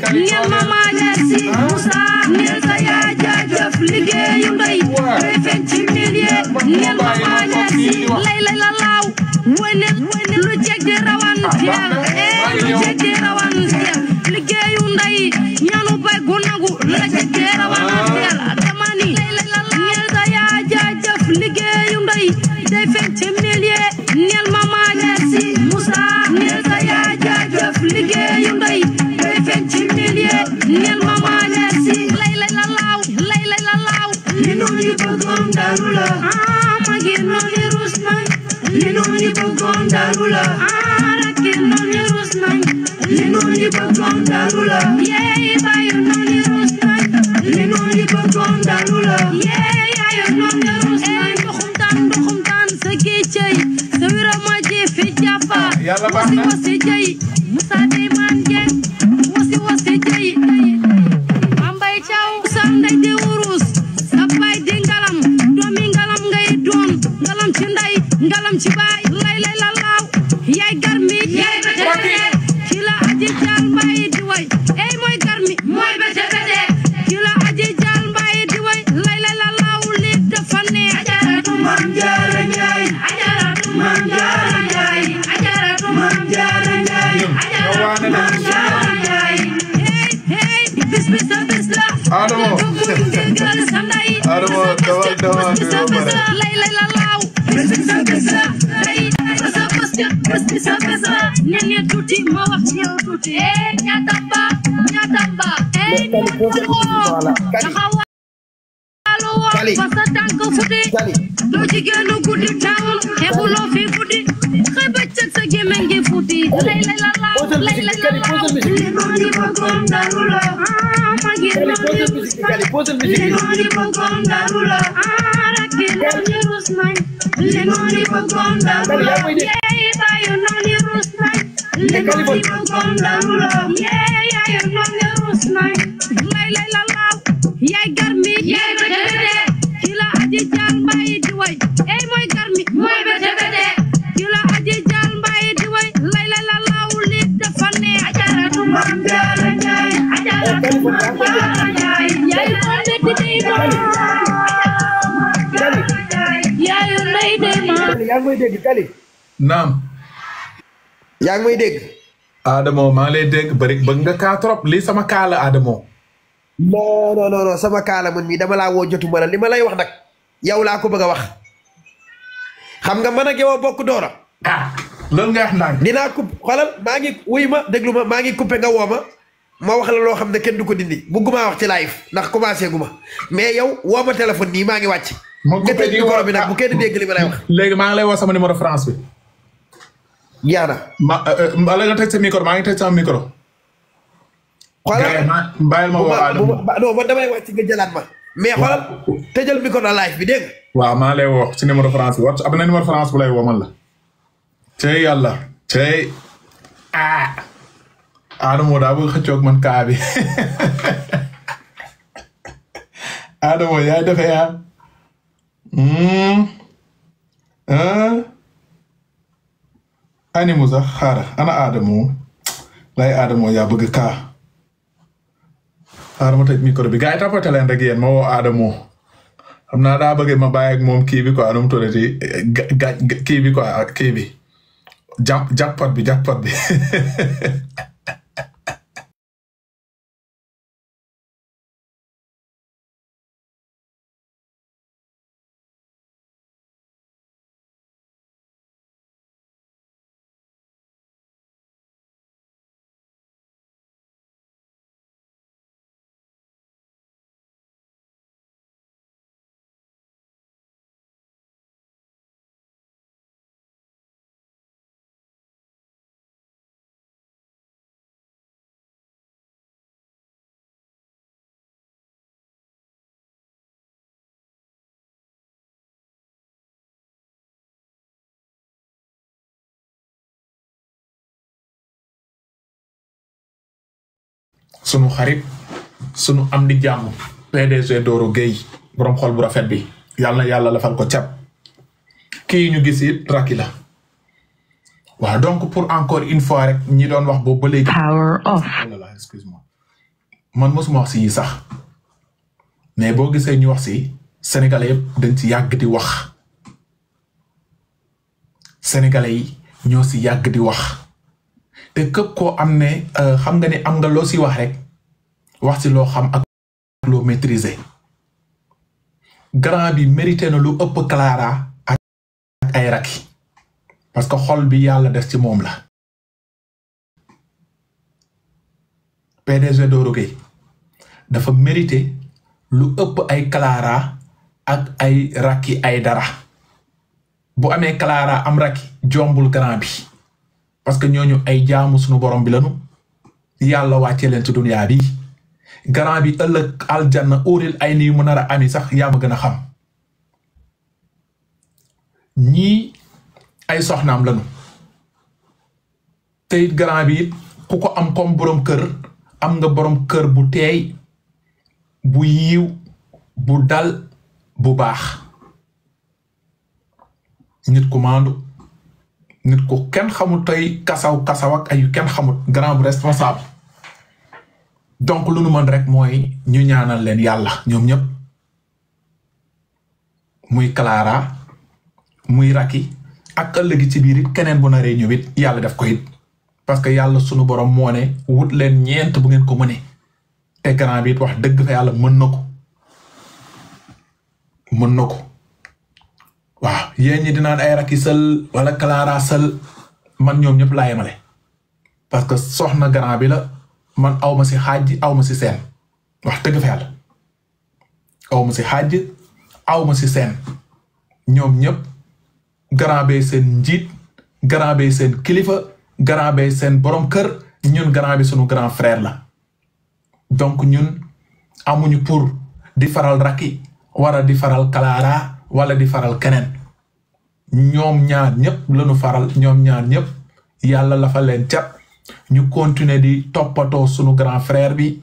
Iya mama merci Moussa neel sa yaay jaajëf liggéeyu ndey neel mama merci lay lay la laaw lu jeg de rawan ah, ee eh, lu jeg de rawan tiyan liggéeyu ndey ñaanu bay gu nangu la jeg de rawan tiyan damani neel sa yaay jaajëf liggéeyu ndey neel ma maa deesi lay lay la laaw lay lay la laaw li nu ñu bëggoon dalu la ah ma génnoon ni rus nañ li nu ñu bëggoon dalu la ah rek génnoon ni rus nañ li nu ñu bëggoon dalu la yeey bàyyi noon ni rus nañ li nu ñu bëggoon dalu la yeey ayo noon ni rus nañ ndoxumtaan ndoxumtaan sa géej cey sa wira ma jee fi jàppa yàlla baax na si jey musaa dey ci baay lay lay la laaw yaay garmi yaay bëte bëte ki la aji jaal mbaayi di way ey mooy garmi mooy bëte bëte ki la aji jaal mbaayi di way lay lay la laaw lii dafa neex ajaratu mam jaara njaay ajaratu mam jaara njaay ajaratu mam jaara njaay ajaratu mam jaara njaay hey hey bis bis la bis la adamo adamo dawal dawal lay lay la laaw ci bés bi sa bés la ne ne tuuti ma wax yow tuuti eh ñaata ba ñaata ba eh ñaata Kali parce que tànk guddi doo jigéenu guddi taawul xeebuloo fi guddi xëy ba cëg sa gémmiñ gi fuuti lay lay la laaw lay lay la laaw léegi di bëggoon daru la ah ma génnoon di ah Nooni rus nañ le nooni bëggoon dam loo yeey baayu nooni rus nañ le nooni bëggoon dam loo yeey yaayu nooni rus nañ lay lay la laaw yaay garmi yaay bete bete ci la aji jaal mbaayi di way ey mooy garmi mooy bete bete ci la aji jaal mbaayi di way lay lay la laaw li dafa ne ajaratu mam jaara njaay ajaratu mam jaara njaay yaay noon bete dey noon may dégg yaa ngi may dégg Kali. naam. yaa ngi may dégg. Adamo maa ngi dégg bari bëgg nga kaa trop lii sama kaala la Adamo. non non non sama kaa la man dama laa woo la li ma lay wax nag yow laa ko bëgg a wax xam nga man ak yow bokk doora. ah loolu nga wax ndànk. dinaa coupe xoolal maa ngi wuy ma déglu ma maa ngi coupé nga woo ma wax la loo xam ne kenn du ko dindi bëgguma wax ci live ndax commencé gu ma mais yow woo ma téléphone nii maa ngi wàcc. ma coupé di bi nag bu kenn dégg li ma lay wax. léegi maa ngi lay wax sama numéro France bi. jaana. ma bala euh, euh, nga teg sa micro maa ngi teg sama micro. xoolal ma bàyyil ma woo Adama ma non man damay nga jëlaat ma. mais xoolal tëjal micro na live bi waaw maa lay woo ci numéro France bi wat ab na numéro France bu lay woo la. tey yàlla tey ah. Adamo da bëgg xëccoo ak man kaa bi Adamo yaay defe yaa hmm? animu sax xaara ana Adamo lay Adamo yaa bëgg kaa xaara ma tëj micro bi gars yi tapote leen rek yéen ma woo Adamo xam naa daa bëgg ma bàyyi ak moom kii bi quoi nu mu tuddati kii bi quoi kii bi jàpp jàppat bi jàppat bi sunu xarit sunu am di jàmm PDG Doro Gueye borom xol bu rafet bi yàlla yàlla la fal ko cap kii ñu gis it Racky la waaw donc pour encore une fois rek ñi doon wax boobu ba léegi. power off. Oh excuse-moi man mosuma wax si yi sax mais boo gisee ñu wax si sénégalais yëpp dañ si yàgg di wax sénégalais yi ñoo si yàgg di wax te képp ko am ne euh, xam nga ne am nga loo si wax rek. wax ci loo xam ak loo maîtriser grand bi mérité na lu ëpp Clara ak ay rakki parce que xol bi yàlla def ci moom la PDG Doro Gueye dafa mérité lu ëpp ay Clara ak ay rakki ay dara bu amee Clara am rakki jombul grand bi parce que ñooñu ay jaamu sunu borom bi lanu yàlla wàcce leen ci dunyaa bi garant bi ëllëg aljanna óoril ay nii mu nar a ami sax yaa ma a xam ñii ay soxnaam lañu te it bi ku ko am koom borom kër am nga borom kër bu teey bu yiw bu dal bu baax nit ku maandu nit ku kenn xamul tey kasaw kasaw ak ay kenn xamul grand bu responsable donc lu nu mën rek mooy ñu ñaanal leen yàlla ñoom ñëpp muy Clara muy Racky ak ëllëgi ci biir it keneen bu naree ñëw it yàlla def ko it parce que yàlla sunu borom moo ne wut leen ñeent bu ngeen ko mënee te grand bi it wax dëgg fa yàlla mën na ko mën na ko waaw yéen ñi dinaan ay Racky sël wala Clara Sall man ñoom ñëpp laa yemale parce que soxna grand bi la. man aw ma si xaaj aw ma si seen wax dëgg fa ma si xaaj aw ma si seen ñoom ñëpp grand bee seen njiit grand bee seen kilifa grand bee seen borom kër ñun grand bi sunu grand frère la donc ñun amuñu pour di faral Racky wala di faral Clara wala di faral keneen ñoom ñaar ñëpp lañu faral ñoom ñaar ñëpp yàlla la fa leen cat ñu continuer di toppatoo sunu grand frère bi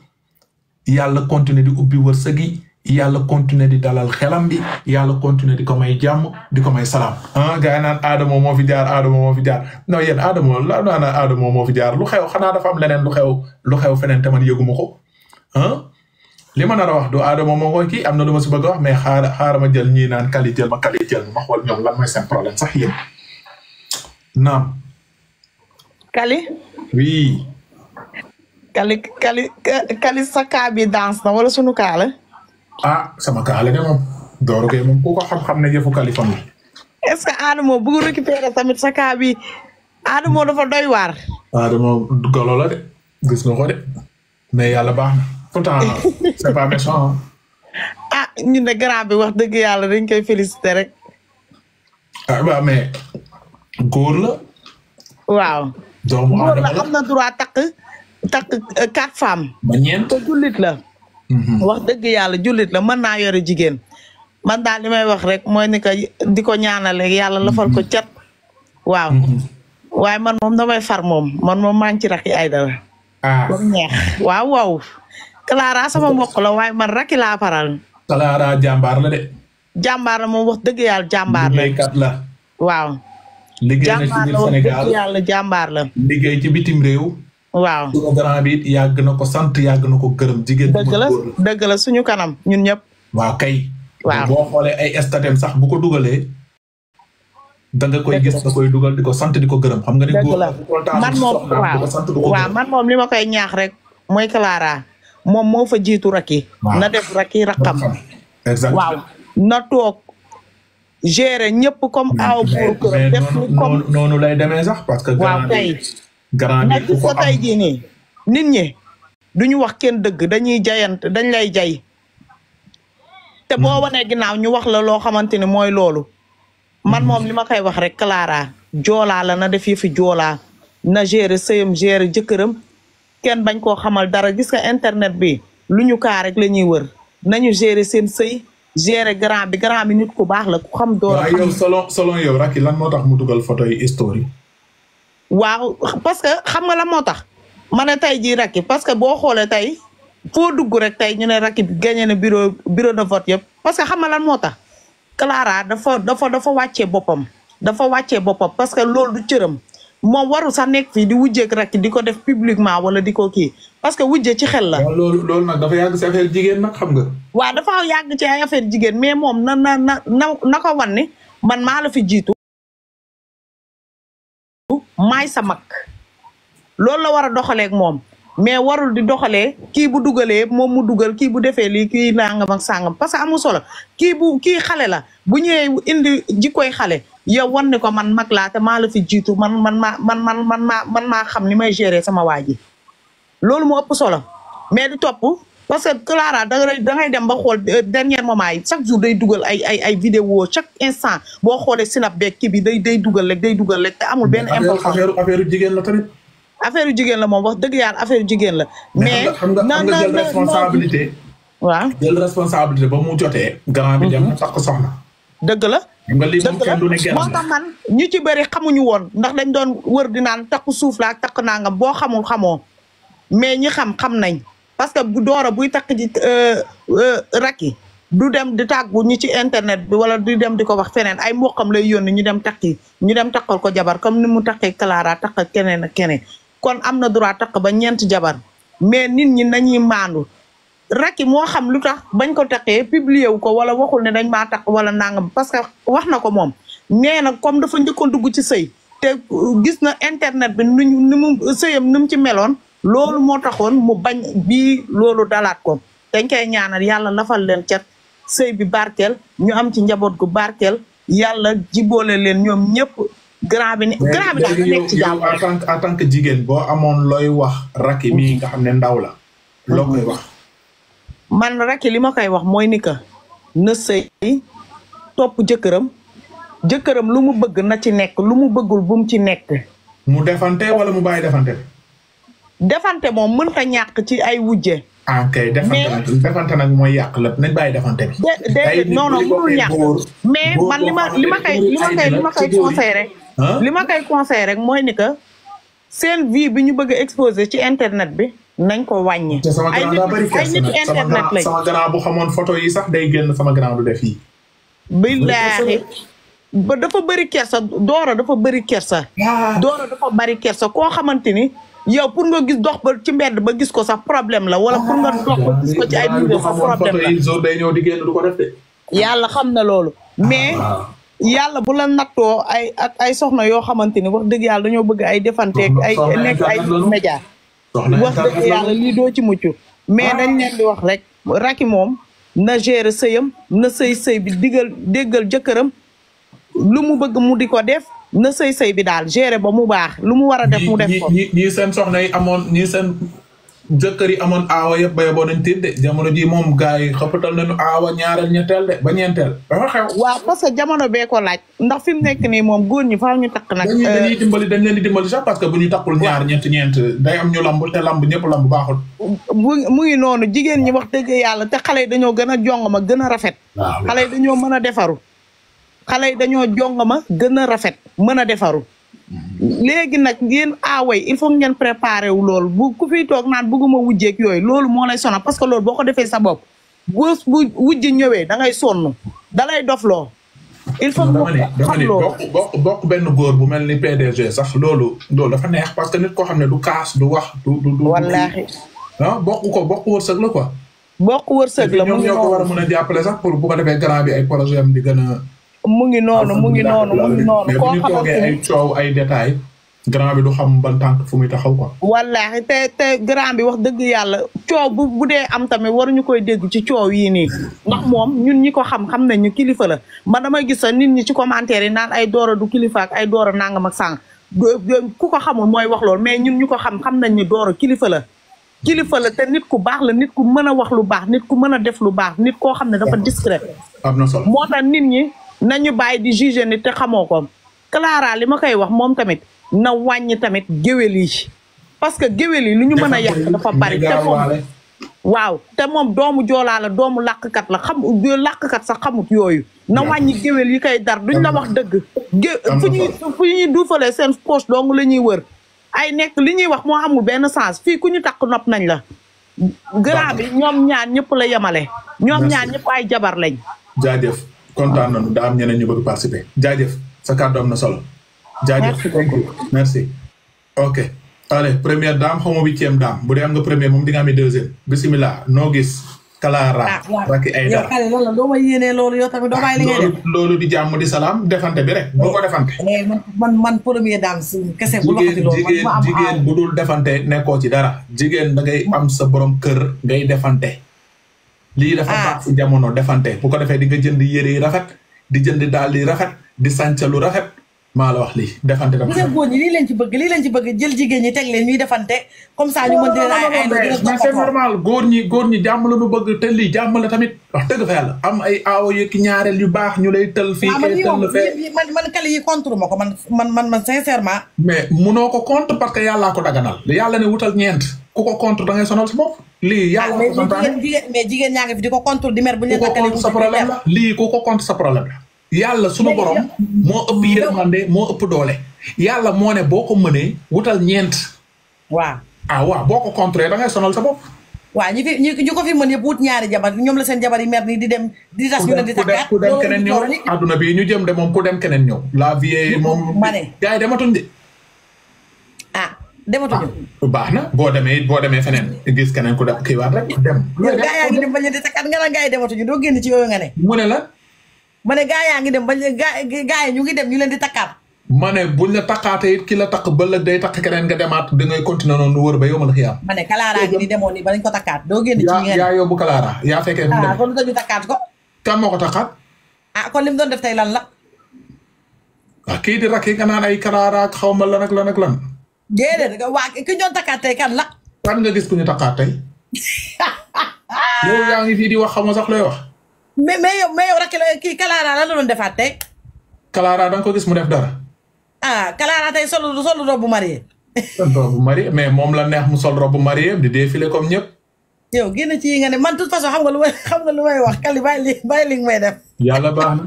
yàlla continuer di ubbi wërsëg yi yàlla continuer di dalal xelam bi yàlla continuer di ko jàmm di ko may salaam. ah gars yi naan Adama moo fi jaar Adama moo fi jaar non yéen Adama la naan fi jaar lu xew xanaa dafa am leneen lu xew lu xew feneen te man yëguma ko ah. li ma nar a wax du Adama moo koy kii am na lu ma si bëgg wax mais xaar xaar jël ñii naan kali jël ma kali jël ma xool ñoom lan mooy seen problème sax yéen Kali. oui. Kali Kali Kali sa kaa bi wala sunu kaa la. ah sama kaa la de moom. Doro kay moom ku ko xam-xam ne jëfu Kali fan est ce que Adamo bëgg tamit sa kaa bi doy waar. Adamo golo de gis nga de mais yàlla baax na pourtant c'est pas méchant ah ñu ne grand bi wax dëgg yàlla dañ koy féliciter rek. ah mais góor la. waaw. doomu aadama la am na droit takk takk euh, quatre femmes. ba ñeent la. Mm-hmm. wax dëgg yàlla jullit la mën naa yore jigéen. man daal li may wax rek mooy ni ko di ko ñaanale yàlla lafal ko mm-hmm. cat. waaw. Mm-hmm. waaye man moom damay far moom man moom maa ngi ci rakki ay dara. ah neex waaw waaw. Clara sama mbokk la waaye man rakki laa faral. Clara jàmbaar la de. jàmbaar la moom wax dëgg yàlla jàmbaar la. waaw. liggéey na ci biir Sénégal yàlla jàmbaar la liggéey ci bitim réew waaw suñu bi yàgg na ko sant yàgg na ko gërëm jigéen dëgg la la suñu kanam ñun ñëpp waaw kay waaw boo xoole ay statem sax bu ko dugalee da nga koy gis ko koy dugal di ko sant di ko gërëm xam nga ni góor man moom waaw li ma koy ñaax rek mooy Clara moom moo fa jiitu rakki na def rakki rakkam waaw na toog gérer ñëpp comme aw buur këram def ni noonu lay deme sax parce que waaw tey nii nit ñi du duñu wax kenn dëgg dañuy jayant dañ lay jay te boo hmm. wanee ginnaaw ñu wax la loo xamante ne mooy loolu man hmm. moom li ma koy wax rek Clara joolaa la na def yëfi joolaa na gérer sëyam gérer jëkkëram kenn bañ koo xamal dara gis internet bi lu ñu kaa rek la ñuy wër nañu gérer seen sëy gérer grand bi grand bi nit ku baax la ku xam. door a yow selon selon yow Racky lan moo tax mu dugal photo yi story. waaw parce que xam nga la moo tax ma ne tey jii Racky parce que boo xoolee tey foo dugg rek tey ñu ne Racky gagné na bureau bureau na vote yëpp parce que xam nga lan moo tax. Clara dafa dafa dafa wàccee boppam dafa wàccee boppam parce que loolu du cëram. moom warul sa nekk fii di wujjeeg rakk di ko def publiquement wala di ko kii parce que wujje ci xel la. loolu loolu nag dafa yàgg ci affaire jigéen nag xam nga. waaw dafa yàgg ci ay jigéen mais moom na na na na ka wan ne man maa la fi jiitu. maay sa mag loolu la war a doxaleek moom mais warul di doxalee kii bu dugalee moom mu dugal kii bu defee lii kii nangam ak sàngam parce que amul solo kii bu kii xale la bu ñëwee indi jikkoy xale yow wan ne ko man mag laata te la fi jiitu man man maa man man man maa man xam ni may gérer sama waa ji loolu moo ëpp solo mais du topp parce que Clara da ngay dem ba xool euh, dernier moment yi chaque jour day dugal ay ay ay vidéo chaque instant boo xoolee sinap beeg kii bi day day dugal rek day dugal lekk te amul benn importance affaire affaire jigéen la tamit affaire jigéen la moom wax dëgg yàlla affaire jigéen la mais xam nga xam nga jël responsabilité waaw jël responsabilité ba mu jotee grand bi dem mhm. sax ko soxna dëgg la moo tax man ñu ci bëri xamuñu woon ndax dañ doon wër di naan takku suuf laa takk nangam boo xamul xamoo mais ñi xam xam nañ parce que bu doora buy takk ji euh, euh, rak yi du dem di tàggu ñi ci internet bi wala du dem di ko wax feneen ay mboqam lay yoon ñu dem takki ñu dem takkal ko jabar comme ni mu kalaara Clara takk keneen ak keneen kon am na droit takk ba ñeent jabar mais nit ñi nañuy maandu Racky moo xam lu tax bañ ko taqee publier wu ko wala waxul ne dañ maa taq wala nangam parce que wax na ko moom nee na comme dafa njëkkoon dugg ci sëy te uh, gis na internet bi nuñ ni mu sëyam ni mu ci meloon loolu moo taxoon mu bañ bi loolu dalaat ko dañ koy ñaanal yàlla lafal leen cat sëy bi barkeel ñu am ci njaboot gu barkeel yàlla jiboole leen ñoom ñëpp grand bi ne grand bi daal nekk ci jàmm en tant que jigéen boo amoon looy wax Racky mii nga xam ne ndaw la loo koy wax man rek li ma koy wax mooy ni que na sëy topp jëkkëram jëkkëram lu mu bëgg na ci nekk lu mu bëggul bu ci nekk. mu defante wala mu bàyyi defante. defante moom mënta ñàkk ci ay wujje. ah kay defante nag defante nag mooy yàq la nañ bàyyi defante bi. déedéet non non ñàkk mais man li ma li ma koy ah? li ma koy li li ma koy rek mooy ni que seen vie bi ñu bëgg exposé ci internet bi. nañ ko wàññi. te sama grand daa bëri kersa nag sama bu xamoon photo yi sax day génn sama grand du def yi. billaahi ba dafa bëri kersa doora dafa bëri kersa. Ah. doora dafa bëri koo xamante ni. yow pour nga gis dox ba ci mbedd ba gis ko sax problème la wala pour nga ah. dox ba gis ko ci ay mbir sax problème la di génn ko yàlla xam na loolu. mais ah. yàlla bu la nattoo ay ak ay soxna yoo xamante ni wax dëgg yàlla dañoo bëgg ay defanteeg ay nekk ay média. wax dëgg yàlla lii doo ci mucc mais ah. dañ leen di wax rek Racky moom na gérer sëyam na sëy sëy bi digal déggal jëkkëram lu mu bëgg mu di ko def na sëy sëy bi daal gérer ba mu baax lu mu war a def mu def ko ñii seen soxna yi amoon ñii seen jëkkër yi amoon aawa yëpp ba boo dañ tiit de jamono ji moom gars yi xëppatal nañu aawa ñaareel ñetteel de ba ñeenteel dafa xew. waaw parce que jamono bee ko laaj ndax fi mu nekk nii moom góor ñi faaw ñu takk nag. Euh, dimbali dañ leen di dimbali sax parce que bu ñu ñaar ñett ñeent day am ñu lamb te lamb ñëpp lamb baaxul. mu mu ngi noonu jigéen ñi wax dëgg yàlla te xale yi dañoo gën a jongoma gën a rafet. xale yi dañoo mën a defaru. xale yi dañoo jongoma gën a rafet mën a defaru léegi nag yéen aaway ah il faut ngeen préparer wu loolu bu ku fiy toog naan bëgguma wujjeeg yooyu loolu moo lay sonal parce que lool boo ko defee sa bopp bu bu wujj ñëwee da ngay sonn da lay dof loo il faut que xam loo bokk benn góor bu mel ni PDG sax loolu loolu dafa neex parce que nit koo xam ne du kaas du wax du du du wallaahi ah bokk ko bokk wërsëg la quoi bokk wërsëg la mu ñoo war a a jàppale sax pour bu ko defee grand bi ay projet am di mu ngi noonu mu ngi noonu mu ngi noonu. koo xamante ni ay coow ay détails grand bi du xam ban fu muy taxaw quoi. wallaahi te te grand bi wax dëgg yàlla coow bu dee am tamit waruñu koy dégg ci coow yii nii ndax moom ñun ñi ko xam xam nañu kilifa la man damay gis sax nit ñi ci commentaire yi naan ay doora du kilifa ay doora nangam ak sànq ku ko xamul mooy wax loolu mais ñun ñu ko xam xam nañ ni doora kilifa la. kilifa la te nit ku baax la nit ku mën a wax lu baax nit ku mën a def lu baax nit koo xam ne dafa discret. moo tax nit ñi. nañu bàyyi di juge nit te xamoo ko Clara li ma koy wax moom tamit na wàññi tamit géwél yi parce que géwél yi lu ñu mën a yàq dafa bari te moom waaw te moom doomu joolaa la doomu làkkat la xam làkkat sax xamut yooyu na wàññi géwél yi koy dar duñ la wax dëgg gé fu ñuy seen poche doomu la ñuy wër ay nekk li ñuy wax moo amul benn sens fii ku ñu takk nopp nañ la grand bi ñoom ñaan ñëpp la yemale ñoom ñaan ñëpp ay jabar lañ kontaan nañu daa am ñeneen ñu bëgg participer jaajëf sa kàddu am na solo. jaajëf merci ok allez première dame xaw ma huitième bu dee am nga première moom di nga amee deuxième bisimilah noo gis. Kalaara ah, Racky Aïdara yow loolu di jàmm di salaam defante bi rek bu ko defante. Eh, man man première dame kese bu loxati loolu jigéen jigéen bu dul defante nekkoo ci dara jigéen da ngay am sa borom kër ngay defante. lii dafa ah. baax jamono defante bu ko defee di nga jënd yére yi rafet di jënd daal yi rafet di sàncalu rafet maa la wax lii defante dafa gis nga góor ñi lii leen ci bëgg lii leen ci bëgg jël jigéen ñi teg leen ñuy defante comme ça ñu mën di leen ah, góor ñi góor ñi jàmm la nu bëgg te lii jàmm la tamit wax dëgg fa yàlla am ay aawo yu ki ñaareel yu baax ñu lay tëll fii ah, kay tël fee man kale yi contre ma ko man man man man sincèrement mais munoo ko contre parce que yàllaa ko daganal yàlla ne wutal ñeent ku ko contre da ngay sonal sa bopp. lii yàlla ah, ko jigéen ñaa ngi fi di ko contre di mer bu ñu sa problème la lii ku ko contre sa problème la. yàlla suma borom moo ëpp yërmande moo ëpp doole. yàlla moo ne boo ko mënee wutal ñeent. waa ah waaw boo ko contre da ngay sonal sa bopp. waaw ñi fi ñi ko fi mën yëpp wut ñaari jabar ñoom la seen jabar yi mer nii di dem. di tas ñu leen di takkaat ku dem keneen ñëw adduna bi ñu jëm de moom ku dem keneen ñëw. la vie moom. ma dematuñu. Ah, baax na boo demee boo demee feneen gis keneen ku da kiiwaat rek dem. loolu ngi dem bañ a dese kat nga naan gaa yi dematuñu doo génn ci yooyu nga ne. mu ne la. ma ne yaa ngi dem ba gaa gaa yi ñu ngi dem ñu leen di takkaat. ma ne buñ la takkaatee it ki la takk bëllëg day takk nga demaat dangay continuer noonu wër ba yow ma la xiyaam. ma ko takkaat doo génn ci ñu yaa yóbbu kalaaraa yaa fekkee. ah kon lu tax ñu takkaat ko. kan moo ko takkaat. Ah, kon li doon def tey lan la. ah kii di rakk nga naan ay kalaaraa xaw ma lan rek lan rek lan déedéet nga waa ki ñoon takkaat tey kan la. kan nga gis ku ñu takkaat tey. yow yaa ngi fii di wax xam xamoo sax looy wax. mais mais yow mais yow rek la kii Kalaara lan la doon defaat tey. Kalaara da nga ko gis mu def dara. ah Kalaara tey sol sol robu marié. sol robu marié mais moom la neex mu sol robu marié di défilé comme ñëpp. yow génn ci yi nga ne man toute façon xam nga lu may xam nga lu may wax Kali bàyyi li bàyyi li may def. yàlla baax na.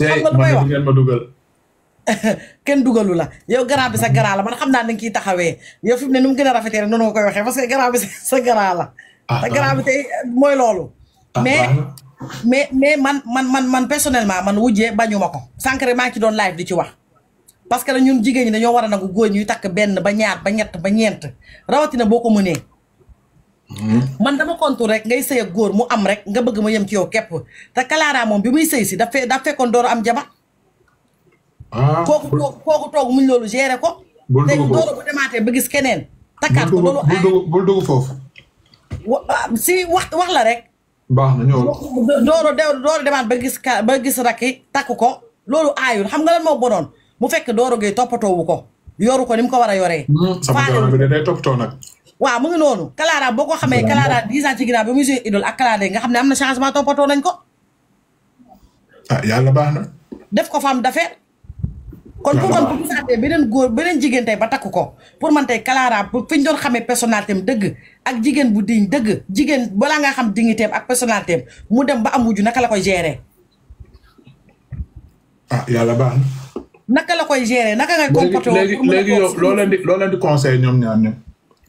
xam nga lu may wax kenn dugalu la yow garaa bi sa garaa la man xam naa dañ kiy taxawee yow fi mu ne nu mu gën a rafetee rek noonu nga koy waxee parce que garaa bi sa garaa la te ah, ah. garaa bi tey mooy loolu ah, mais mais mais man man man man personnellement man wujjee bañu ma ko sànq maa ngi ci doon live di ci wax parce que na ñun jigéen ñi dañoo war a nangu góor ñuy takk benn ba ñaar ba ñett ba ñeent rawatina boo ko mënee hmm. man dama kontu rek ngay sëy góor mu am rek nga bëgg ma yem ci yow kepp te Clara moom bi muy sëy si daf fekkoon door am jabar Ah. kooku toog kooku toog muñ loolu gérer ko. bul dugg foofu ba gis keneen. takkaat ko loolu ay bul dugg foofu. Ah, si wax wax la rek. baax na ñëw dooro dooro demaat ba gis ka ba gis rakki takk ko loolu aayul xam nga lan moo bonoon mu fekk dooro gay toppatoowu ko yoru ko ni mu ko war a yore hmm, sama dooro bi de day toppatoo nag. waaw mu ngi noonu. Clara boo ko xamee Clara dix ans ci ginnaaw bi mu suñu idole ak Clara nga xam ne am na changement toppatoo nañ ko. ah baax na. def ko femme d'affaires kon beneen góor beneen jigéen ba takk ko pour man tey Clara bu fi doon xamee personnalité am dëgg ak jigéen bu diñ dëgg jigéen balaa nga xam dignité ak personnalité am mu dem ba am wujju naka la koy gérer. ah yàlla naka la koy gérer naka ngay comporté woo léegi leen di loo conseil ñoom ñaar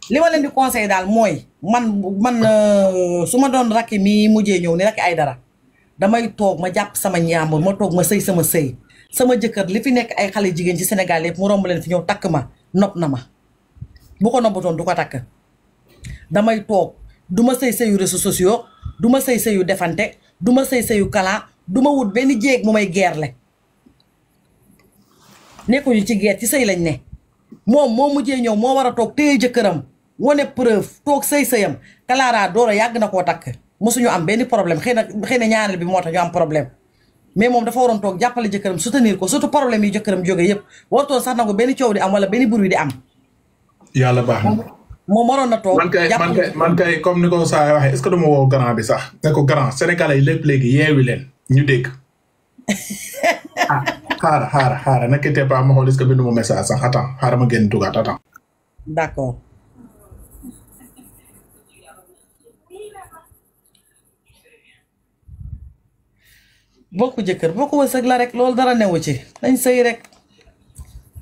li ma leen di conseil daal mooy man man euh, su ma doon rakki mi mujjee ñëw ni rakki ay dara damay toog ma jàpp sama ñaambur ma toog ma sëy sama sëy. sama jëkkër li fi nekk ay xale jigéen ci Sénégal yëpp mu romb leen fi ñëw takk ma nopp na ma bu ko noppatoon du ko takk damay toog duma ma sëy sëyu réseaux sociaux du ma sëy sëyu defante du ma sëy sëyu kala du ma wut benn jéeg mu may geerle nekkuñu ci geer ci lañ ne moom moo mujjee ñëw moo war a toog téye jëkkëram wane preuve toog sëy sëyam Clara Doro yàgg na koo takk mosuñu am benn problème xëy na xëy na ñaareel bi moo tax ñu am problème mais moom dafa waroon toog jàppale jëkkëram soutenir ko surtout problème yi jëkkëram jóge yëpp warutoon sax na ko benn coow di am wala benn bruit di am. yàlla baax na moom waroon na toog. jàppale man kay comme ni ko saa waxee est ce bi sax. ne ko grand sénégalais lépp léegi yeewi leen ñu dégg. ah xaaral xaaral xaaral ne quittez pas ma xool est ce que bindu ma message sax attends xaaral ma génn dugaat attends. d' bokk jëkkër bokk wërsëg la rek loolu dara newu ci dañ sëy rek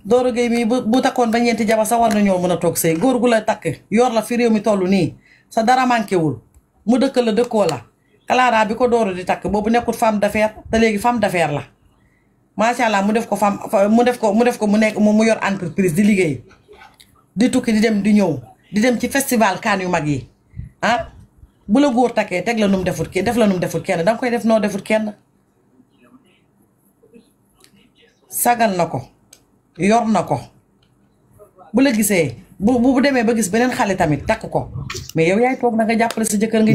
Doro gay mii bu bu takkoon ba ñeenti jabar sa war nañoo mën a toog sëy góor gu la takk yor la fi réew mi toll nii sa dara manqué wul mu dëkk la dëkkoo la Clara bi ko Doro di takk boobu nekkul femme d'affaires te léegi femme d'affaires la macha allah mu def ko femme mu def ko mu def ko mu nekk mu yor entreprise di liggéey di tukki di dem di ñëw di dem ci festival kaan yu mag yi ah bu la góor takkee teg la nu mu defut kii def la nu mu defut kenn koy def noo defut kenn. sagal na ko yor na ko bu la gisee bu bu demee ba gis beneen xale tamit takk ko mais yow yaay toog na nga jàppale sa jëkkër nga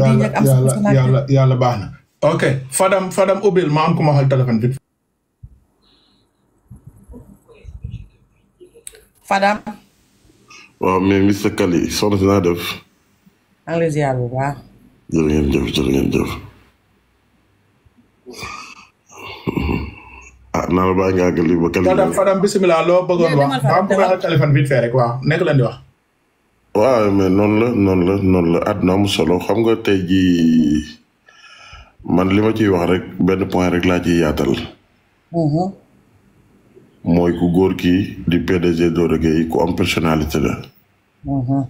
di am baax na ok Fadam Fadam ubbil si naa def maa ngi lay ziar jëf ah naa la bàyyi nga ba. Kalifone Fadam bisimilah loo bëggoon wax maa ngi bëgg a Kalifone vite fait waaw nekk leen di wax. waaw mais noonu la noonu la noonu la àdduna am solo xam nga tey jii man lima ma ciy wax rek benn point rek laa ciy yaatal. Mhm. mooy ku góor ki di PDG Doro Gueye ku am personnalité la. Mhm.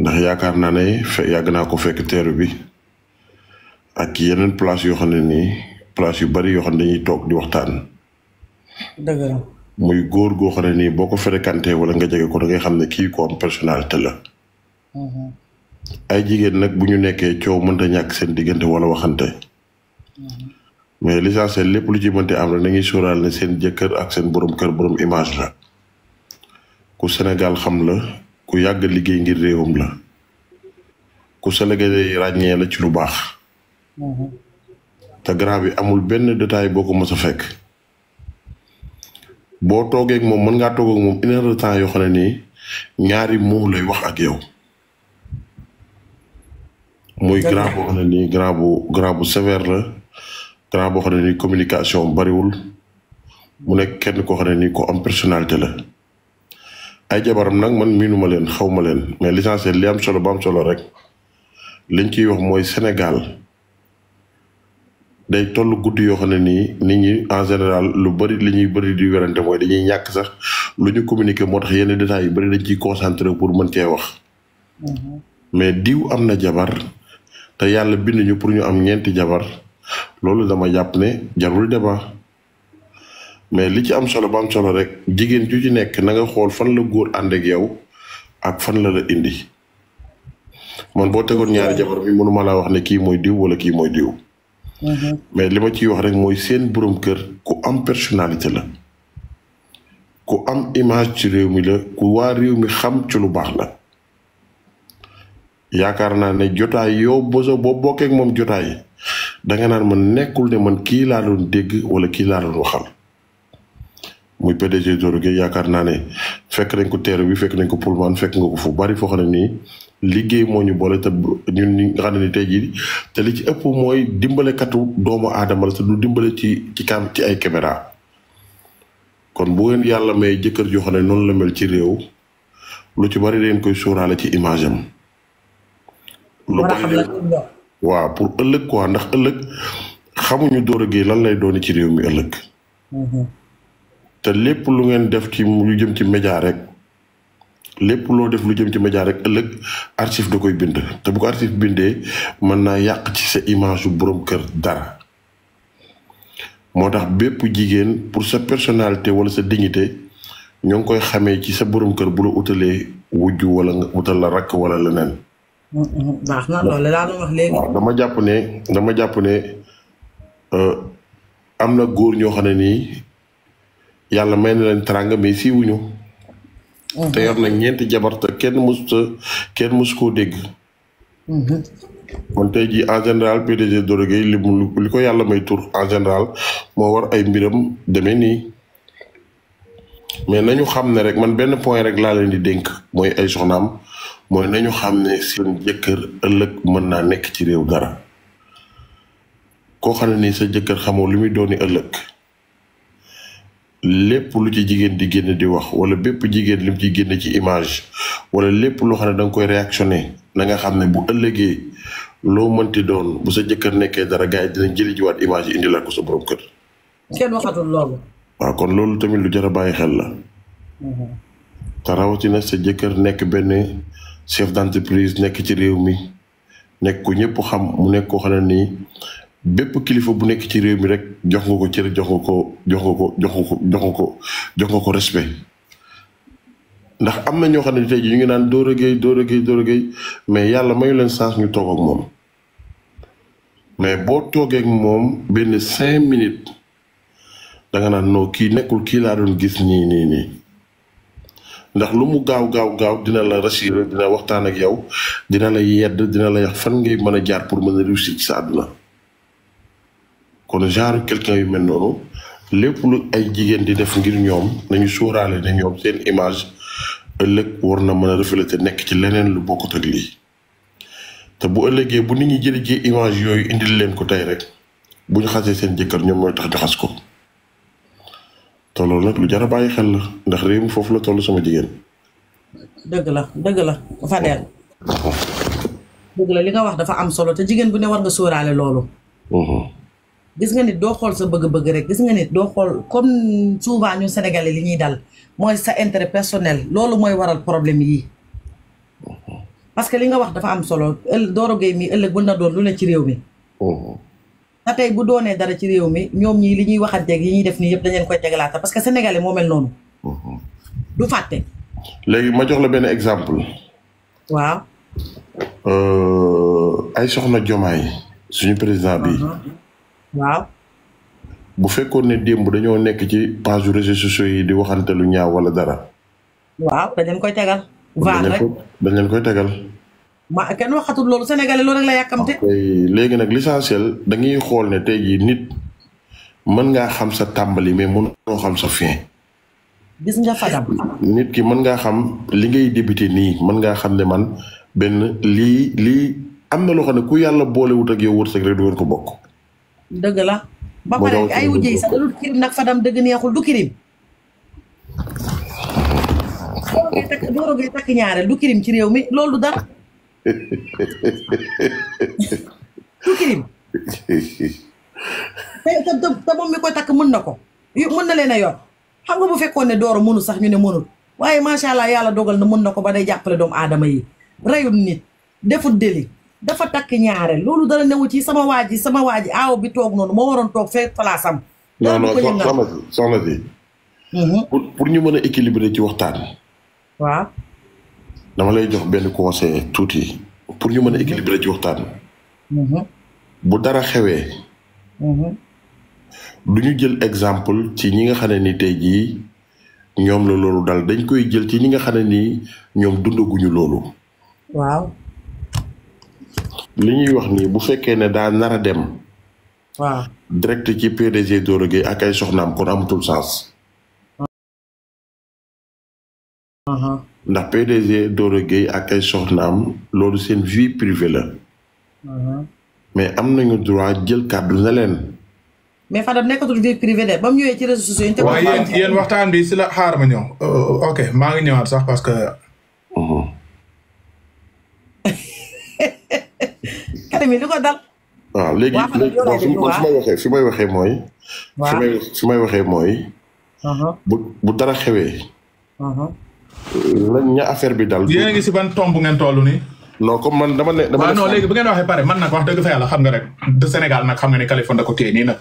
ndax yaakaar naa ne fe yàgg naa ko fekk teeru bi ak yeneen place yoo xam ne nii. place yu bari yoo xam ne dañuy toog di waxtaan. muy góor goo xam ne nii boo ko fréquenté wala nga jege ko da ngay xam ne kii ko am personnalité la. Mm-hmm. ay jigéen nag bu ñu nekkee coow mënta ñàkk seen diggante wala waxante. Mm-hmm. mais l'essentiel lépp lu ci mënti am rek na ngi sóoraal ne seen jëkkër ak seen borom kër borom image la. ku Sénégal xam la ku yàgg liggéey ngir réewam la. ku Sénégalais ràññee la ci lu baax. Mm-hmm. te grand bi amul benn détail boo ko mos a fekk boo toogeek moom mën ngaa toog moom une de temps yoo xam ne nii ñaari moom lay wax ak yow. muy grand boo xam ne nii grand bu grand la grand boo xam ne nii communication bariwul mu nekk kenn koo xam nii ko am personnalité la. ay jabaram nag man miinuma leen xaw ma leen mais l'essentiel li am solo ba solo rek liñ ciy wax mooy Sénégal. day toll guddi yoo xam ne nii nit ñi en général lu bëri li ñuy bëri di werante mooy dañuy ñàkk sax lu ñu communiqué moo tax yenn détails yu bëri dañ ciy concentré pour mën cee wax. Mm-hmm. mais diw am na jabar te yàlla bind ñu pour ñu am ñeenti jabar loolu dama jàpp ne jarul dema mais li ci am solo ba am solo rek jigéen ju ci nekk na nga xool fan la góor ànd ak yow ak fan la la indi man boo tegoon ñaari jabar mi mënuma laa wax ne kii mooy diw wala kii mooy diw. mais li ma ciy wax rek mooy seen borom kër ku am personnalité la ku am image ci réew mi la ku waa réew mi xam ci lu baax la yaakaar naa ne jotaay yow boso boo bokkeek moom jotaay danga naan man nekkul ne man kii laa doon dégg wala kii laa doon muy PDG Zoro Gueye yaakaar naa ne fekk nañ ko teer bi fekk nañ ko Pullman fekk nga ko fu bari foo xam ne nii liggéey moo ñu boole te ñun ñi nga xam ne ni tey te li ci ëpp mooy dimbalekatu doomu aadama la te du dimbale ci ci kam ci ay caméra kon bu ngeen yàlla may jëkkër joo xam noonu la mel ci réew lu ci bari leen koy suuraale ci image am lu bari waaw pour ëllëg quoi ndax ëllëg xamuñu Doro Gueye lan lay doon ci réew mi ëllëg mm-hmm. te lépp lu ngeen def ci lu jëm ci média rek lépp loo def lu jëm ci média rek ëllëg archive da koy bind te bu ko archive bindee mën naa yàq ci sa image yu borom kër dara moo tax bépp jigéen pour sa personnalité wala sa dignité ñoo ngi koy xamee ci sa borom kër bu la utalee wujju wala nga utal la rakk wala leneen. dama jàpp ne dama jàpp ne euh, am na góor ñoo xam ne nii. yàlla may na leen teraanga mais siiwuñu mhm. te yor na ñeenti jabar kenn mësuta kenn mësu koo dégg mhm. kon tey jii en général PDG Doro li ko yàlla may tur en général moo war ay mbiram demee nii mais nañu xam ne rek man benn point rek laa leen di dénk mooy ay soxnaam mooy nañu xam ne seen jëkkër ëllëg mën naa nekk ci réew dara koo xam ne nii sa jëkkër xamoo li muy dooni ëllëg lépp lu ci jigéen di génn di wax wala bépp jigéen lim ci génn ci image wala lépp loo xam ne da nga koy réactionné na nga xam ne bu ëllëgee loo mënti doon bu sa jëkkër nekkee dara gars yi dinañ jëli jiwaat image indi la sa borom kër. kon loolu tamit lu jar a bàyyi xel la. Mhm. te rawatina sa jëkkër nekk benn chef d'entreprise nekk ci réew mi nekk ku ñëpp xam mu nekk koo xam ne nii bépp kilifa bu nekk ci réew mi rek jox nga ko cër jox nga ko jox nga ko jox nga ko jox ko jox ko respect ndax am na ñoo xam ne tey jii ñu ngi naan Doro Gueye Doro Gueye Doro Gueye mais yàlla mayu leen chance ñu toog ak moom mais boo toogee moom benn cinq minutes danga naan noo kii nekkul kii laa doon gis nii nii nii ndax lu mu gaaw gaaw gaaw dina la rassurer dina waxtaan ak yow dina la yedd dina la yax fan ngay mën a jaar pour mën a réussir ci sa àdduna kon genre quelqu'un yu mel noonu lépp lu ay jigéen di def ngir ñoom nañu sóoraale ne ñoom seen image ëllëg war na mën a te nekk ci leneen lu bokkut ak lii te bu ëllëgee bu nit ñi jëlee ji image yooyu indil leen ko tey rek bu ñu xasee seen jëkkër ñoom mooy tax ñu xas ko te loolu nag lu jar bàyyi xel la ndax réew mi foofu la toll sama jigéen. dëgg la dëgg la Fadel. dëgg la li nga wax dafa am solo te jigéen bu ne war nga sóoraale loolu. Mhm. gis nga nit doo xool sa bëgg-bëgg rek gis nga nit doo xool comme souvent ñu sénégalais li ñuy dal mooy sa intérêt personnel loolu mooy waral problème yi parce que li nga wax dafa am solo ëll Doro mi ëllëg bu na doon lu ne ci réew mi. na mm-hmm. tey bu doonee dara ci réew mi ñoom ñii li ñuy waxanteeg yi ñuy def nii yëpp dañ leen koy tegalaata parce que sénégalais moo mel noonu. Mm-hmm. du fàtte. léegi ma jox la benn exemple. waaw. ay soxna Jomaay suñu président bi. Uh-huh. waaw. bu fekkoon ne démb dañoo nekk ci page réseaux sociaux yi di waxantelu ñaaw wala dara. waaw dañ leen koy tegal. vaar rek dañ leen koy tegal. léegi nag l'essentiel da xool ne tey jii nit mën ngaa xam sa tàmbali mais mënoo xam sa fin. gis nga Fadam. nit ki mën ngaa xam li ngay débuté nii mën ngaa xam ne man benn lii lii am na loo ne ku yàlla boolewut ak yow wërsëg rek du ngeen ko bokk. dëgg la ba pare ay wujje yi sax da dul kirim nag fadam dëgg neexul du kirim boo rogee takk ñaareel du kirim ci réew mi loolu dara du kirim te te moom mi koy takk mën na ko mën na leen a yor xam nga bu fekkoon ne Doro mënul sax ñu ne mënul waaye macha allah yàlla dogal na mën na ko ba day jàppale doomu aadama yi reyul nit defut deli dafa takk ñaare loolu dara newu ci sama waa sama waaj ji aaw bi toog noonu moo waroon toog fee place am. non non soxna si soxna si. Mhm. pour ñu mën a équilibrer ci waxtaan. waaw. dama lay jox benn conseil tuuti pour ñu mën a équilibrer ci waxtaan. Mhm. bu dara xewee. Mhm. du ñu jël exemple ci ñi nga xam ne ni tey jii ñoom la loolu dal dañ koy jël ci ñi nga xam ne ni ñoom dundaguñu loolu. waaw. li ñuy wax nii bu fekkee ne daal nar a dem. waaw direct ci PDG Doro Gueye ak ay soxnaam kon amatul sens. Uh-huh. ndax PDG Doro Gueye ak ay soxnaam loolu seen vie privée la. Uh-huh. mais am nañu droit jël kàddu na leen. mais Fada nekkatul vie privée de ba ñëwee ci réseaux sociaux yi. waaye yéen yéen waxtaan bi si la xaar ma ñëw. Euh, ok maa ngi sax parce que. Uh-huh. waaw léegi léegi bon waxee mooy. waaw fi may waxee mooy. Uh-huh. bu bu dara xewee. Uh-huh. lan ña affaire bi dal. yéen a ngi si ban tomb ngeen toll nii. non comme man dama ne. dama ne non léegi bu ngeen waxee pare man nag wax dëgg xam nga rek de Sénégal nag xam nga ne Kaliphone da ko nii nag.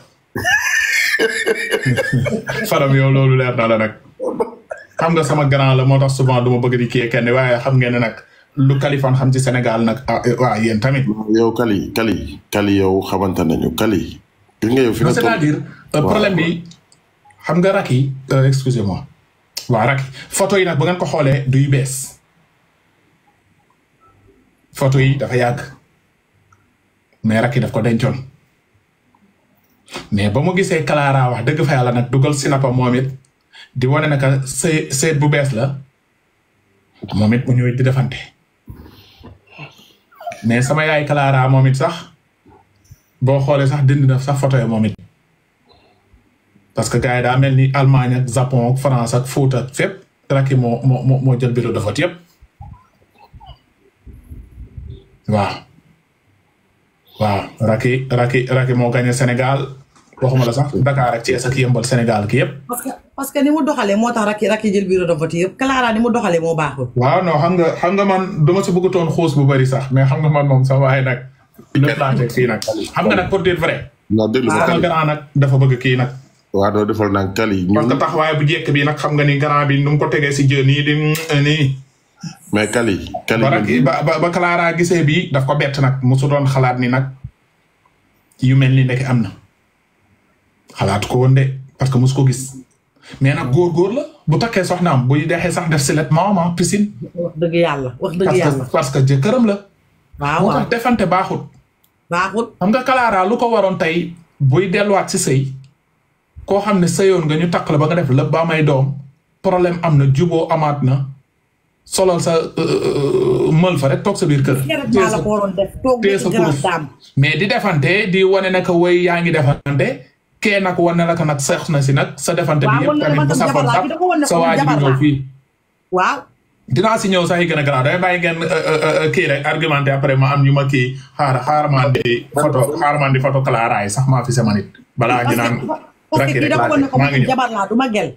Faram loolu leer na la nag. xam nga la moo tax souvent du ma bëgg di kii kenn waaye xam ngeen ne nag. lu Kaliphone xam ci Sénégal nag ah, eh, waaw tamit. yow Kali Kali Kali yow xamante nañu Kali. gis nga yow fi nga euh, problème bi xam nga rak yi euh, excusez-moi photo yi nag ba ngeen ko xoolee duy bees photo yi dafa yàgg mais rak yi daf ko dencoon mais ba mu gisee Clara wax dëgg fa yàlla nag dugal sinapa moom it di wane naka seet bu bees la moom it mu ñëw di defante. mais sama yaay Clara moom it sax boo xoolee sax dindi na sax photo yi moom parce que gars yi daa mel ni Allemagne ak Japon ak France ak Fouta ak fépp Racky moo moo moo jël bureau de vote yëpp waaw waaw Racky Racky Racky moo gagné Sénégal waxuma la sax Dakar ak Thiès ak Sénégal ki yëpp parce que ni mu doxalee moo tax rakki rakki jël bureau de vote yëpp Clara ni mu doxalee moo baaxul. waaw non xam nga xam nga man dama si bëggatoon xuus bu bëri sax mais xam nga man moom sax waaye nag. lépp laa teg fii nag. xam nga nag pour dire vrai. non déglu ma kali grand nag dafa bëgg kii nag. bu jekk bi nag xam nga ni gara bi nu ko tegee si jën yi di eh, nii. mais kali. kali ba ba ba gisee bii daf ko bett nag mosu doon xalaat ni nag yu mel ni nekk am na xalaat ko de parce que mosu ko gis. mais nag góor-góor la bu takkee soxnaam buy dexee sax def si let maama ah, piscine. wax dëgg yàlla wax dëgg yàlla parce que jëkkëram la. waaw waaw defante baaxut. baaxut xam nga kalaaraa lu ko waroon tey buy delluwaat si sëy koo xam ne sëyoon nga ñu takk la ba nga def lépp ba may doom problème am na juboo amaat na solo sa euh, euh, euh, mël fa rek toog sa biir kër. tee sa kurus mais di defante di wane ne que way yaa ngi defante. kee nag wane na la na si nag sa defante bi yëpp tamit bu safoon sax sa waa ji bi ñëw fii waaw dinaa si ñëw sax yi a garaaw damay bàyyi ngeen euh, euh, euh, kii rek argumenté après ma am ñu ma kii xaar xaar maa di photo xaar maa di photo Clara yi sax maa fi sama nit balaa ñu naan rakki rek laa maa ngi ñëw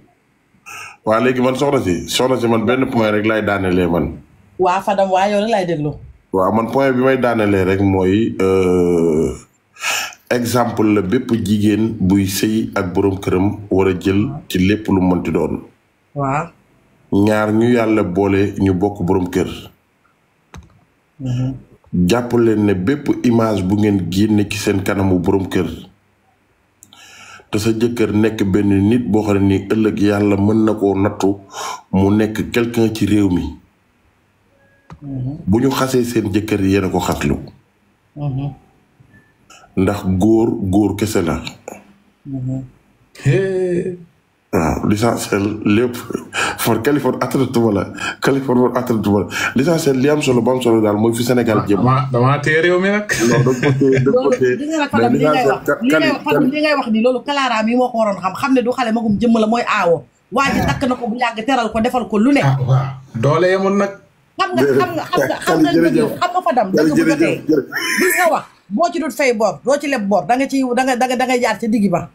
waaw léegi man soxna si soxna si man benn point rek laay daanelee man waa Fadam waa rek laay déglu waaw man point bi may daanelee rek exemple la bépp jigéen buy sëy ak boroom këram war a jël ci lépp lu mënti doon. waaw. ñaar ñu yàlla boole ñu bokk boroom kër. Mhm. jàpp leen ne bépp image bu ngeen génne ci seen kanamu boroom kër. te sa jëkkër nekk benn nit boo xam ne nii ëllëg yàlla mën na koo nattu mu nekk quelqu'un ci réew mi. Mhm. bu ñu xasee seen jëkkër yéen a ko xaslu. Mhm. ndax góor góor kese la. Mm-hmm. waaw l'essentiel lépp li am solo ba solo daal mooy fi Sénégal jëm. li ngay wax ni loolu Clara mi moo ko waroon xam xam ne du xale magum jëmm la mooy aawo. waa ji na ko bu yàgg teral ko defal ko lu ne. ah waaw doole nag. xam nga xam nga xam nga xam nga fa dam dëgg bu jotee li boo ci dut fay bor doo ci leb bor da nga ci da nga da nga jaar ci digg ba.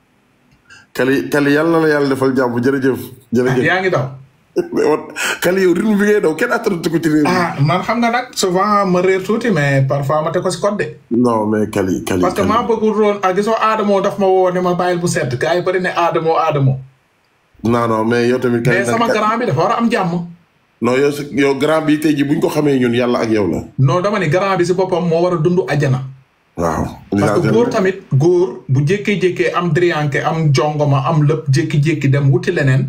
Kali Kali na la yàlla defal jàmm jërëjëf. jërëjëf yaa ngi daw. Kali yow rythme bi daw kenn attanatu ko ci réew ah man xam nga nag souvent ma réer tuuti mais parfois ma te ko si code de. non mais Kali Kali parce que maa bëggul woon ah gisoo Adamo daf ma woo ne ma bàyyil bu sedd gars yi bëri ne Adamo Adamo. non non mais yow tamit. Kali mais sama grand war a am jàmm. non yow yow grand bi tey jii buñ ko xamee ñun yàlla ak yow la. non dama ni grand bi si boppam moo war a dund ajana. waaw. parce que góor tamit góor bu jékkee-jékkee am driyanke am jongoma am lépp jékki-jékki dem wuti leneen.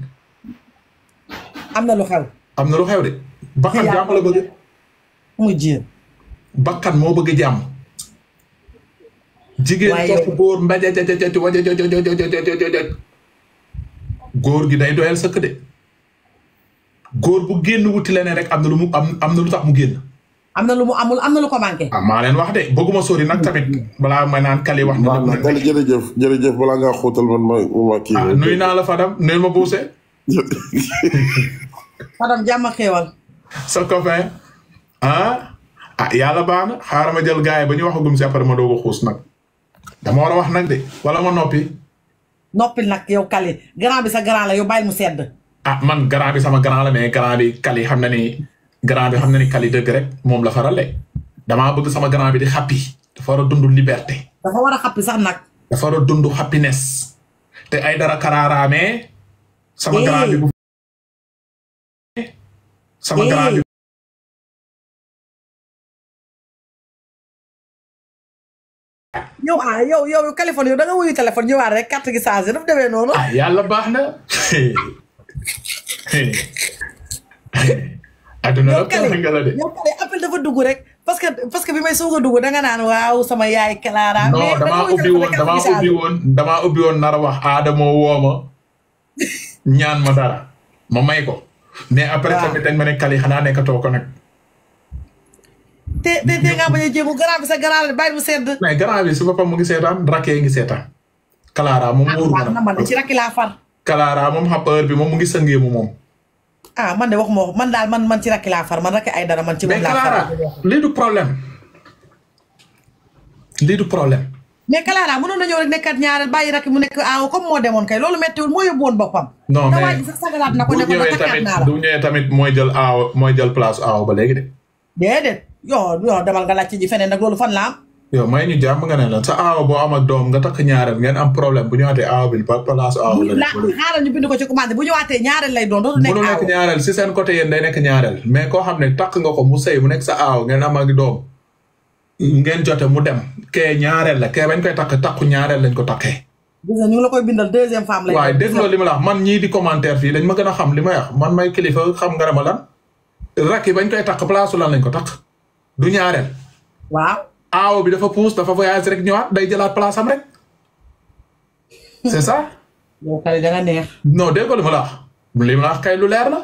am na lu xew. am na lu xew de. bakkan jàmm la bëgg. mu jéem. moo bëgg jàmm. jigéen topp góor mbaja ja ja ja ja góor gi day doyal sëkk de. góor bu génn wuti leneen rek am na lu mu am am na lu tax mu génn. am na lu mu amul am na lu ko manqué. ah maa wax de bëgguma sori nag tamit balaa ma naan Kali wax. na jërëjëf jërëjëf balaa ngaa xóotal ah, nuyu naa la Fadam nuyu ma buuse. Fadam jàmm xéewal. sa copain ah ah yàlla baax na xaaral ma jël gars yi ba ñu waxagum si après ma doog a xuus nag dama war a wax nag de wala ma noppi. noppi nag yow Kali grand bi sa grand yow bàyyi mu sedd. ah man grand bi sama grand la mais Kali xam na ni. grand bi xam na ni Kali dëgg rek moom la faral dama bëgg sama grand bi di happy dafa war a dund liberté. dafa war a happy sax nag. dafa war a dund happiness. te ay dara karaaraamee. Eh. sama grand bi bu eh. yow ah yow yow téléphone yow da nga wuyu téléphone rek carte gi changé daf demee noonu. Ah, yàlla baax na. adduna la kale yow dafa dugg rek parce que parce que bi may a dugg danga naan waaw sama yaay Clara. mais damaa ubbi woon damaa ubbi woon damaa nar wax Adamo woo ñaan ma dara ma may ko. mais après tamit dañ ma ne kali xanaa nekkatoo ko nag. te te te ngaa a jéem garab bi sa garab bi bàyyi mu sedd. su boppam mu ngi seetaan rakkee ngi seetaan. Clara moom ah, wóorul ma na ma ci moom bi moom mu ngi sëngee mu moom. ah man de waxuma man daal man man ci rakki laa far man rakki ay dara man ci moom laa far lii du problème lii du problème mais Clara mënoon na ñëw rek nekkat ñaareel bàyyi rakki mu nekk aaw comme moo demoon kay loolu mettiwul moo yóbbu woon boppam non mais waay sax sagalaat na ko ne ko ba la du ñëwee tamit mooy jël aaw mooy jël place aaw ba léegi de déedéet yoo yoo demal nga laajte feneen nag loolu fan la yow may ñu jàmm nga ne sa aaw boo am ak doom nga takk ñaareel ngeen am problème bu waatee aaw bi ba place aaw ko ci ne takk nga ko mu sëy mu nekk sa aaw ngeen am dem kee ñaareel la kee bañ koy takk takku ñaareel lañ ko takkee. gis nga ñu ngi la koy li ma la wax man ñii di commentaire fii dañ ma gën a li may wax man may kilifa xam nga dama lan. rakk yi bañ koy takk place lan lañ ko takk du ñaareel waaw aaw bi dafa puus dafa voyage rek ñëwaat day jëlaat place am rek c'est ça. yow kay da la wax li la kay lu leer na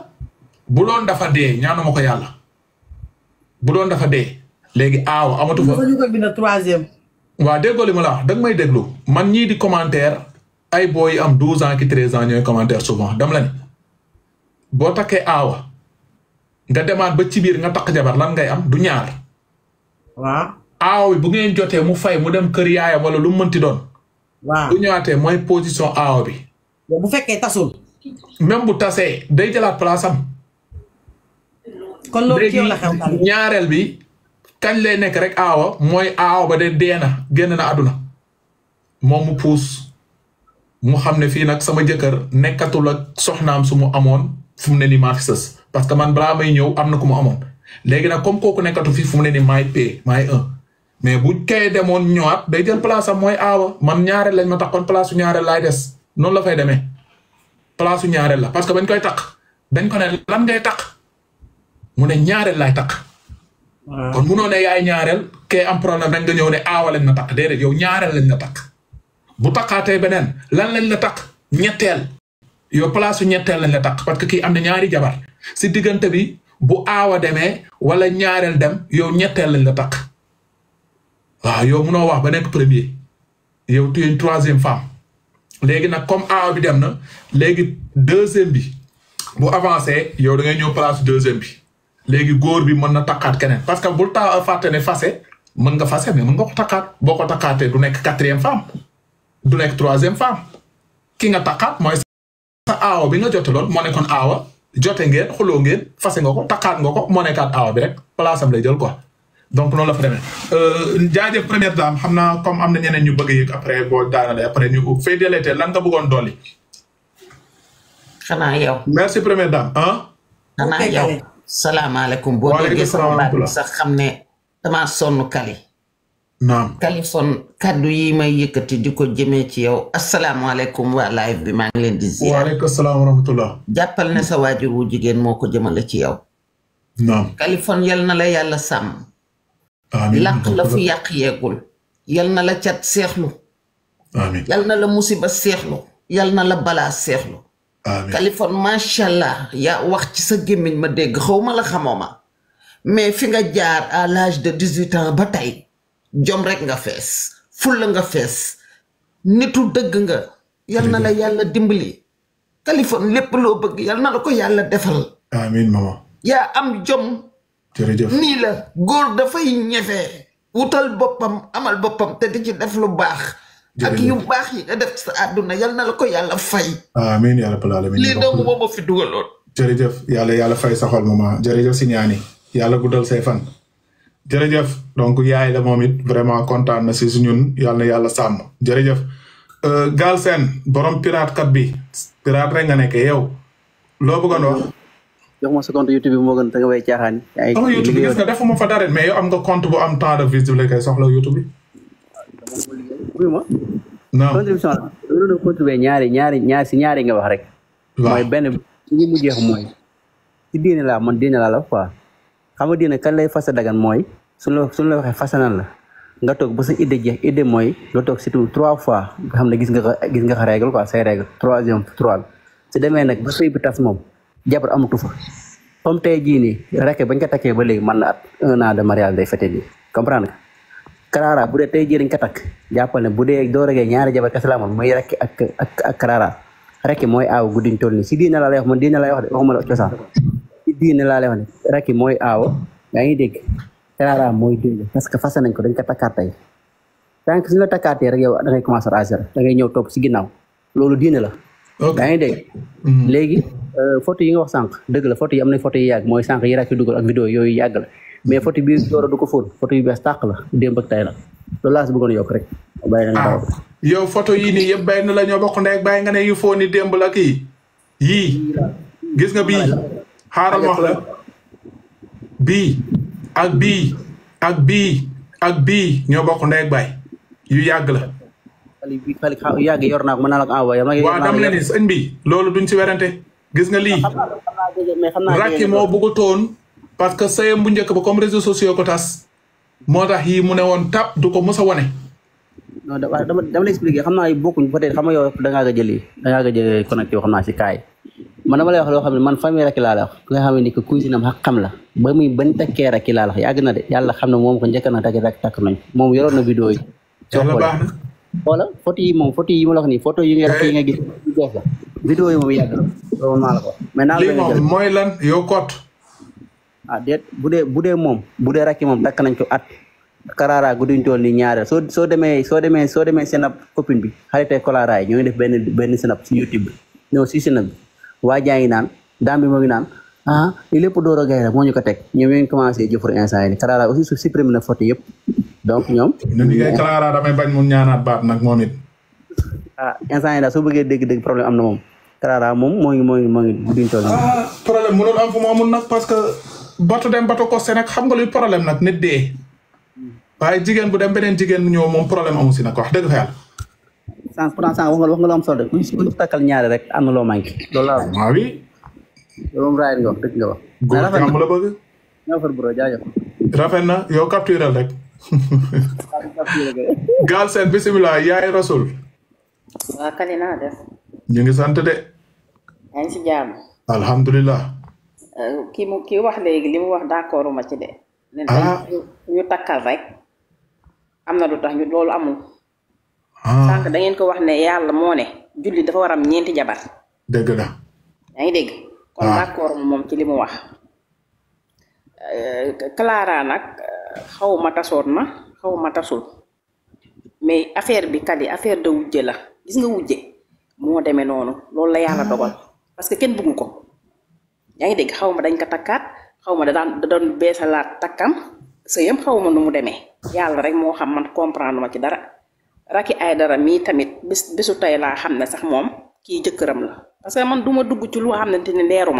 bu doon dafa dee ñaanu ma ko yàlla bu doon dafa dee léegi aaw amatu fa. ñu ko bind troisième. waaw la wax may déglu man ñii di commentaire ay booy yi am douze ans ki treize ans ñooy commentaire souvent dam la boo takkee aawa nga demaat ba ci biir nga takk jabar lan ngay am du ñaar. waaw. aaw bi bu ngeen jotee mu fay mu dem kër yaayam wala lu mu mënti doon. waaw bu ñëwaatee mooy position aaw bi. bu fekkee tasul. même bu tasee day jëlaat place am. ñaareel bi kañ lay nekk rek awa mooy aawa ba de dee na génn na àdduna moom mu puus mu xam ne fii nag sama jëkkër nekkatul ak soxnaam su mu amoon fu mu ne nii maa fi sës parce que man balaa may ñëw am na ku mu amoon léegi nag comme kooku nekkatu fi fu mu ne nii maay pay maay un. mais bu kee demoon ñëwaat day jël place mooy aawa man ñaareel lañ ma taxoon place su ñaareel laay des noonu la fay demee place su ñaareel la parce que bañ koy taq dañ ko ne lan ngay taq mu ne ñaareel laay taq. kon munoo ne yaay ñaareel kay am problème rek nga ñëw ne aawa lañ na taq déedéet yow ñaareel lañ na taq bu taqaatee beneen lan lañ la taq ñetteel yow place su ñetteel lañ la taq parce que kii am na ñaari jabar si diggante bi bu aawa demee wala ñaareel dem yow ñetteel lañ la taq. waaw yow munoo wax ba nekk premier yow tu es une femme léegi nag comme A bi dem na léegi deux deuxième bi bu avancé yow da ngay ñëw place deuxième bi léegi góor bi mën na takkaat keneen parce que bul ta fàtte ne fase mën nga fase mais mën nga ko takaat boo ko takaatee du nekk quatrième femme du nekk troisième femme ki nga takkaat mooy sa aawa bi nga jote lool moo nekkoon aawa jote ngeen xuloo ngeen fase nga ko takkaat nga ko moo nekkaat aawa bi rek place am lay jël quoi donc noonu la fa euh, première dame xam naa comme am na ñeneen ñu bëgg yëg après boo daanalee après ñu fay deleete lan nga bëggoon dolli. xanaa yow. merci première dame ah. xanaa boo déggee sama baat sax xam ne damaa sonn kali. naam kalifon kaddu yi may yëkkati di ko jëmee ci yow asalaamaaleykum waa bi maa ngi leen di ziar. jàppal ne sa waajur wu jigéen moo ko jëmale ci yow. kalifon yal na la yàlla sàmm. làq la fu yàq yeegul yal na la cat seexlu amiin yal na la musiba seexlu yal na la balaa seexlu Kaliphone macha allah yaa wax ci sa gémmiñ ma dégg xaw ma la xamoo ma mais fi nga jaar à l'âge de dix-huit ba tey jom rek nga fees fulla nga fees nitu dëgg nga yal na la yàlla dimbali Kaliphone lépp loo bëgg yal na la ko yàlla defal yaa am jom jërëjëf nii la góor dafay ñefee wutal boppam amal boppam te di ci def lu baax ak yu baax yi nga def sa àdduna yal na la ko yàlla fay amiin yàlla pal alamin lii doomu boobu fi dugaloon yàlla yàlla fay sa xol mama jërëjëf si ñaani yàlla guddal say fan jërëjëf donc yaay la moom it vraiment kontaan na si suñun yàlla na yàlla sàmm jërëjëf euh, Galsen borom pirate kat bi pirate rek nga nekk yow loo bëggoon jox ma sa compte moo gën te nga bay caaxaan. ay YouTube am nga compte bu am temps de visible kay soxla ma. non contribution la ñaari ñaari ñaari si ñaari nga wax rek. waaw mooy benn mooy. ci diine laa man diine laa la quoi xam nga diine kan lay fas a dagan mooy suñu suñu la waxee fasanan la nga toog ba sa idée jeex idée mooy nga toog surtout trois fois nga xam ne gis nga ko gis nga ko règle quoi say règle troisième trois su demee nag ba sëy bi tas moom. jabar amatu fa comme tey jii nii rek bañ ko takkee ba léegi man na at un an de mariage day fete nii comprendre nga bu dee tey jii dañ ko takk jàppal ne bu dee doo regee ñaari jabar kese laa moom mooy rekki ak ak ak mooy aaw guddiñ si diine la lay wax man diine laa lay wax de waxuma la cosaan si diine laa lay wax mooy aaw yaa ngi dégg Karara mooy dégg parce que fas nañ ko dañ ko takkaat tey tant que suñu la takkaatee rek yow da ngay commencer à ñëw topp si ginnaaw loolu diine la yaa ngi mm-hmm. léegi photo yi nga wax sànq dëgg la photo yi am na photo yi yàgg mooy sànq yi raak yi dugal ak vidéo yooyu yàgg la mais photo bi door a du ko fóon la démb ak tay la loolu laa si bëggoon yokk rek na yow photo yii nii nga ne yu fóon yi démb la kii yii gis nga bii xaaral wax la bii ak ñoo bokk ndek la waaw dam bi loolu duñ ci werante gis nga lii Racky moo bëggutoon parce que sayam bu njëkk ba comme réseaux sociaux ko tas moo tax yii mu ne woon ta du ko mos a wane. non dama dama dama lay expliqué xam naa bokkuñ peut être xam nga yow da ngaa ko da ngaa ko jëlee connecté yoo xam naa si kaay man dama wax loo xam ne man famille Racky laa wax ki nga xam ne que cousinam xaq xam ba muy bañ takkee Racky laa la yàgg na de yàlla xam ne moom ko njëkk na takk takk nañ moom yoroon na vidéo yi. soo xoolee wala photo yi moom photo yi ma la wax nii yi nga moom yàgg na loolu maa la ko maintenant lii moom mooy lan yow kot ah déet bu dee bu dee moom bu dee rakki moom takk nañ ko at Karaara gudduñ tool ni ñaareel soo soo demee soo demee soo demee senap copine bi xaritay Kolaara yi ñoo ngi def benn benn senap si YouTube bi non si senap bi waa jaa ngi naan daam bi moo ngi naan ah lépp door a gay la ko teg ñoom ñoo ngi commencé jëfur instant yi ni Karaara aussi su supprime na photo yëpp donc ñoom. ñu ngi lay Clara damay bañ mu ñaanaat baat nag moom it. Ah, instant yii daal soo bëggee dégg-dégg problème am na moom Clara moom moo ngi moo ngi moo ngi ah, parce que bato dem bato costé rek xam nga luy problème nag nit dee waaye jigéen bu dem beneen jigéen bu ñëw moom problème amu si nag wax dëgg fa yàlla. sans pourtant sans wax nga wax nga am solo de bu ñu takkal ñaari rek am na loo manqué. loolu laa wax ah waaw oui. nga wax dëgg nga wax. la bëgg. rafet na rafet na yow capturel rek. gaal seen bisimilah yaay rasul. waa kali def. ñu ngi sant de. Euh, kii mu kii wax léegi li mu wax d'accord ma ci de. Ah. ñu takkal rek. am na lu tax ñu loolu amul. Ah. sànq dangeen ko wax ne yàlla moo ne. julli dafa war am ñeenti jabar. dëgg la. yaa ngi dégg. Ah. kon d'accord moom ci li wax. Euh, Clara nag xaw ma tasoon ma xaw ma tasul mais affaire bi kat yi affaire de wujje la gis nga wujje moo demee noonu loolu la yàlla ah. dogal parce que kenn bëggu ko yaa ngi dégg xaw ma dañ ko takkaat xaw ma da daan da doon beesalaat takkam sëyam xaw ma nu mu demee yàlla rek moo xam man comprendre ma ci dara Racky Aïdara mii tamit bis bisu tey laa xam ne sax moom kii jëkkëram la parce que man du ma dugg ci lu xam ne te ne leeru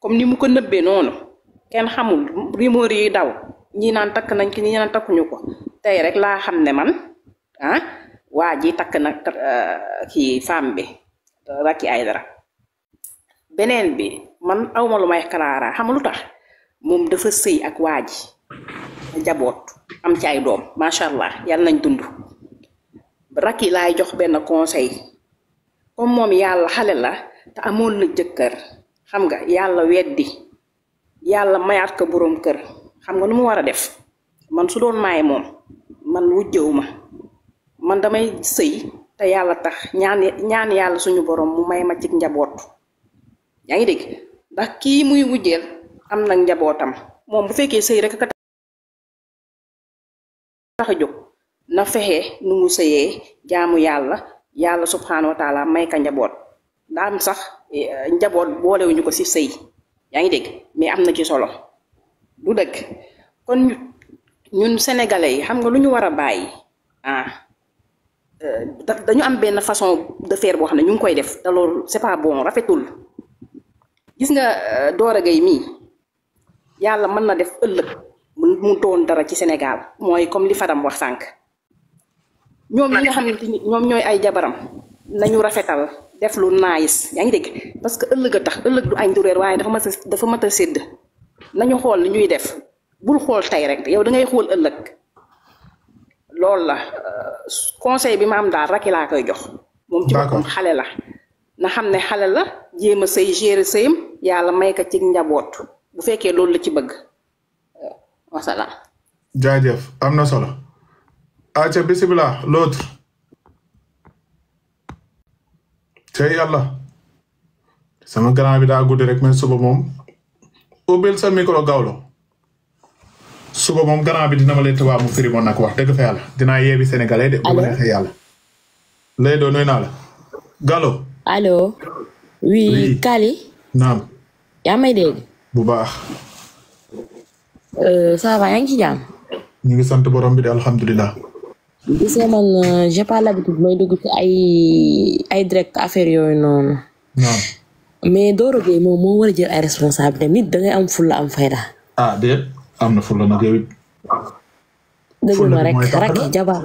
comme ni mu ko nëbbee noonu. kenn xamul rumeur yi daw ñi naan takk nañ ki ñi naan takkuñu ko tey rek laa xam ne man ah waa ji takk na eh, kii femme bi ay dara beneen bi man awmalu may xalaara xam tax moom dafa sëy ak waa ji jaboot am ci ay doom macha allah yàlla nañ dund Racky laay jox benn conseil comme moom yàlla xale la te amoon na jëkkër xam nga yàlla weddi yàlla mayaat ko boroom kër xam nga nu mu war a def man su doon maay moom man wujjëw ma man damay sëy te yàlla tax ñaan yàlla suñu borom mu may ma ci njaboot yaa ngi dégg ndax kii muy wujjeel am nag njabootam moom bu fekkee sëy rek ka tax a jóg na fexe nu mu sëyee jaamu yàlla yàlla subhanahu wa taala may ka njaboot daam sax eh, njaboot boolewuñu ko ci sëy yaa ngi dégg mais am na ci solo du dëgg kon ñun sénégalais yi xam nga lu ñu war a bàyyi ah euh, dañu am benn façon de faire boo xam ne ñu ngi koy def te loolu c'est pas bon rafetul gis nga euh, door a Gueye mii yàlla mën na def ëllëg mu doon dara ci Sénégal mooy comme li Fadam wax sànq ñoom ñi nga xam ne ñoom ñooy ay jabaram nañu rafetal def lu naayis yaa ngi dégg parce que ëllëg a tax ëllëg du añ du waaye dafa mat a dafa mat a sédd nañu xool li ñuy def bul xool tey rek yow da xool ëllëg loolu la euh, conseil bi ma am daal raki laa koy jox. moom ci xale la. na xam ne xale la jéem a sëy gérer sëyam yàlla may ko ci njaboot bu fekkee loolu la ci bëgg wasalaam. jaajëf am na solo. acca bisimilah l'autre te yàlla sama grand bi daa guddi rek mais suba moom ubbil sa micro gawlo suba moom grand bi dina ma lay tubaab mu firi moon nag wax dëgg fa yàlla dinaa yeebi sénégalais de. allo bu neexee yàlla. lay doon nuyu naa la. allo. oui Kali. naam. yaa may dégg. bu baax. Euh, ça va ngi ci jàmm. ngi sant borom bi de alhamdulilah. gis nga man euh, j'ai pas l'habitude may dugg ay ay direct affaire yooyu noonu. mais Doro Gueye moom moo war a jël ay responsabilité nit da ngay am fulla am fayda. ah déet am na fulla nag yow it. dëgg ma rek rakk jabar